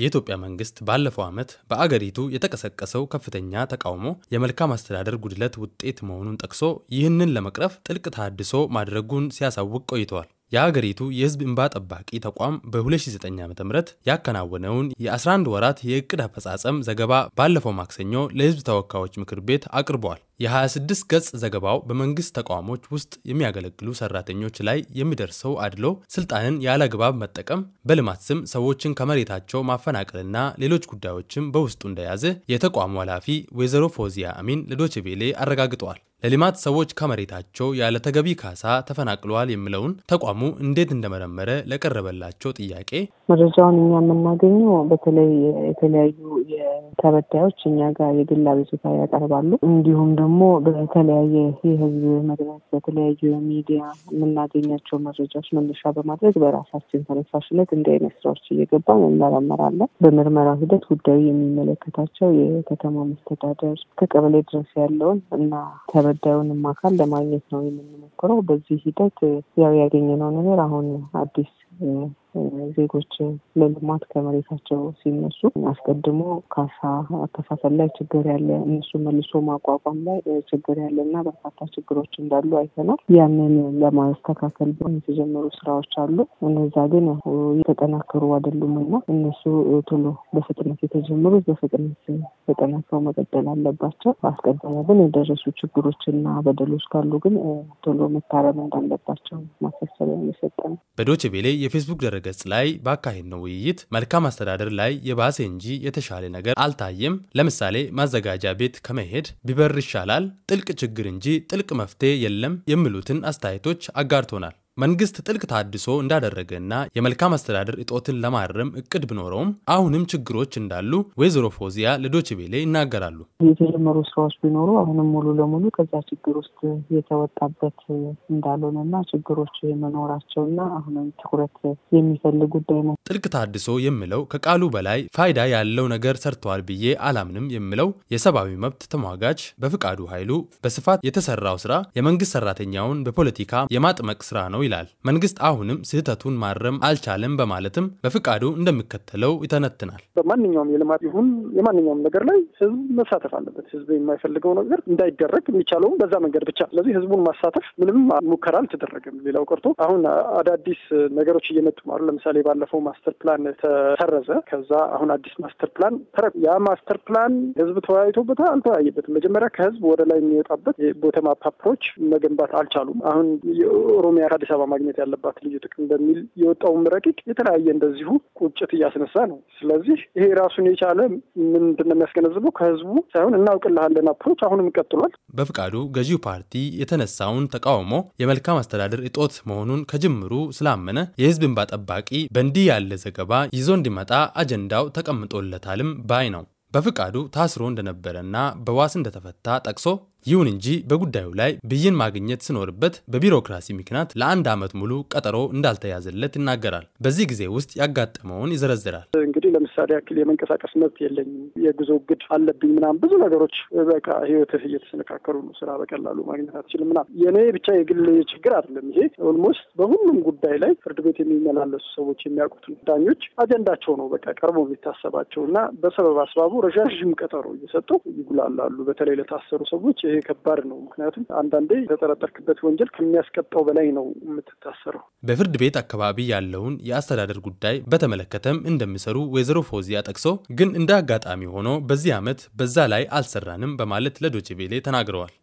የኢትዮጵያ መንግስት ባለፈው ዓመት በአገሪቱ የተቀሰቀሰው ከፍተኛ ተቃውሞ የመልካም አስተዳደር ጉድለት ውጤት መሆኑን ጠቅሶ ይህንን ለመቅረፍ ጥልቅ ተሃድሶ ማድረጉን ሲያሳውቅ ቆይተዋል። የሀገሪቱ የሕዝብ እንባ ጠባቂ ተቋም በ2009 ዓ ም ያከናወነውን የ11 ወራት የእቅድ አፈጻጸም ዘገባ ባለፈው ማክሰኞ ለሕዝብ ተወካዮች ምክር ቤት አቅርቧል። የ26 ገጽ ዘገባው በመንግስት ተቋሞች ውስጥ የሚያገለግሉ ሰራተኞች ላይ የሚደርሰው አድሎ፣ ስልጣንን ያለግባብ መጠቀም፣ በልማት ስም ሰዎችን ከመሬታቸው ማፈናቀልና ሌሎች ጉዳዮችም በውስጡ እንደያዘ የተቋሙ ኃላፊ ወይዘሮ ፎዚያ አሚን ለዶችቬሌ አረጋግጠዋል። ለልማት ሰዎች ከመሬታቸው ያለ ተገቢ ካሳ ተፈናቅለዋል የሚለውን ተቋሙ እንዴት እንደመረመረ ለቀረበላቸው ጥያቄ መረጃውን እኛ የምናገኘው በተለይ የተለያዩ ተበዳዮች እኛ ጋር የግል አቤቱታ ያቀርባሉ። እንዲሁም ደግሞ በተለያየ የህዝብ መድረክ፣ በተለያዩ ሚዲያ የምናገኛቸው መረጃዎች መነሻ በማድረግ በራሳችን ተነሳሽነት እንዲህ አይነት ስራዎች እየገባን እንመረመራለን። በምርመራ ሂደት ጉዳዩ የሚመለከታቸው የከተማ መስተዳደር ከቀበሌ ድረስ ያለውን እና ተበዳዩንም አካል ለማግኘት ነው የምንሞክረው። በዚህ ሂደት ያው ያገኘነው ነገር አሁን አዲስ ዜጎች ለልማት ከመሬታቸው ሲነሱ አስቀድሞ ካሳ አከፋፈል ላይ ችግር ያለ እነሱ መልሶ ማቋቋም ላይ ችግር ያለ እና በርካታ ችግሮች እንዳሉ አይተናል። ያንን ለማስተካከል የተጀመሩ ስራዎች አሉ። እነዛ ግን የተጠናከሩ አይደሉም እና እነሱ ቶሎ በፍጥነት የተጀመሩ በፍጥነት ተጠናክረው መቀጠል አለባቸው። አስቀድሞ ግን የደረሱ ችግሮችና በደሎች ካሉ ግን ቶሎ መታረም እንዳለባቸው ነው። አልነበረም። በዶች ቤሌ የፌስቡክ ድረገጽ ላይ ነው ውይይት መልካም አስተዳደር ላይ የባሰ እንጂ የተሻለ ነገር አልታየም። ለምሳሌ ማዘጋጃ ቤት ከመሄድ ቢበር ይሻላል፣ ጥልቅ ችግር እንጂ ጥልቅ መፍትሄ የለም የሚሉትን አስተያየቶች አጋርቶናል። መንግስት ጥልቅ ታድሶ እንዳደረገና የመልካም አስተዳደር እጦትን ለማረም እቅድ ቢኖረውም አሁንም ችግሮች እንዳሉ ወይዘሮ ፎዚያ ለዶችቤሌ ይናገራሉ። የተጀመሩ ስራዎች ቢኖሩ አሁንም ሙሉ ለሙሉ ከዛ ችግር ውስጥ የተወጣበት እንዳልሆነና ችግሮች የመኖራቸውና አሁንም ትኩረት የሚፈልግ ጉዳይ ነው። ጥልቅ ታድሶ የሚለው ከቃሉ በላይ ፋይዳ ያለው ነገር ሰርተዋል ብዬ አላምንም የሚለው የሰብአዊ መብት ተሟጋች በፍቃዱ ኃይሉ በስፋት የተሰራው ስራ የመንግስት ሰራተኛውን በፖለቲካ የማጥመቅ ስራ ነው ይላል። መንግስት አሁንም ስህተቱን ማረም አልቻለም በማለትም በፍቃዱ እንደሚከተለው ይተነትናል። በማንኛውም የልማት ይሁን የማንኛውም ነገር ላይ ህዝብ መሳተፍ አለበት። ህዝብ የማይፈልገው ነገር እንዳይደረግ የሚቻለውም በዛ መንገድ ብቻ። ስለዚህ ህዝቡን ማሳተፍ ምንም ሙከራ አልተደረገም። ሌላው ቀርቶ አሁን አዳዲስ ነገሮች እየመጡ አሉ። ለምሳሌ ባለፈው ማስተር ፕላን ተሰረዘ። ከዛ አሁን አዲስ ማስተር ፕላን ተረ ያ ማስተር ፕላን ህዝብ ተወያይቶበታል? አልተወያየበትም። መጀመሪያ ከህዝብ ወደ ላይ የሚወጣበት ቦታ ፓፕሮች መገንባት አልቻሉም። አሁን የኦሮሚያ ከአዲስ አበባ ማግኘት ያለባት ልዩ ጥቅም በሚል የወጣውን ረቂቅ የተለያየ እንደዚሁ ቁጭት እያስነሳ ነው። ስለዚህ ይሄ ራሱን የቻለ ምንድነው የሚያስገነዝበው ከህዝቡ ሳይሆን እናውቅልሃለን አፕሮች አሁንም ቀጥሏል። በፍቃዱ ገዢው ፓርቲ የተነሳውን ተቃውሞ የመልካም አስተዳደር እጦት መሆኑን ከጅምሩ ስላመነ የህዝብ እንባ ጠባቂ በእንዲህ ያለ ዘገባ ይዞ እንዲመጣ አጀንዳው ተቀምጦለታልም ባይ ነው። በፍቃዱ ታስሮ እንደነበረና በዋስ እንደተፈታ ጠቅሶ ይሁን እንጂ በጉዳዩ ላይ ብይን ማግኘት ስኖርበት በቢሮክራሲ ምክንያት ለአንድ ዓመት ሙሉ ቀጠሮ እንዳልተያዘለት ይናገራል። በዚህ ጊዜ ውስጥ ያጋጠመውን ይዘረዝራል። ለምሳሌ ያክል የመንቀሳቀስ መብት የለኝም፣ የጉዞ እግድ አለብኝ ምናምን ብዙ ነገሮች በቃ ህይወትህ እየተሰነካከሩ ነው። ስራ በቀላሉ ማግኘት አትችልም ምናምን። የእኔ ብቻ የግል ችግር አይደለም ይሄ። ኦልሞስት በሁሉም ጉዳይ ላይ ፍርድ ቤት የሚመላለሱ ሰዎች የሚያውቁት ዳኞች አጀንዳቸው ነው በቃ ቀርቦ የሚታሰባቸው እና በሰበብ አስባቡ ረዣዥም ቀጠሮ እየሰጡ ይጉላላሉ። በተለይ ለታሰሩ ሰዎች ይሄ ከባድ ነው። ምክንያቱም አንዳንዴ የተጠረጠርክበት ወንጀል ከሚያስቀጣው በላይ ነው የምትታሰረው። በፍርድ ቤት አካባቢ ያለውን የአስተዳደር ጉዳይ በተመለከተም እንደሚሰሩ ወይዘሮ ፎዚያ ጠቅሶ ግን እንደ አጋጣሚ ሆኖ በዚህ ዓመት በዛ ላይ አልሰራንም በማለት ለዶችቬሌ ተናግረዋል።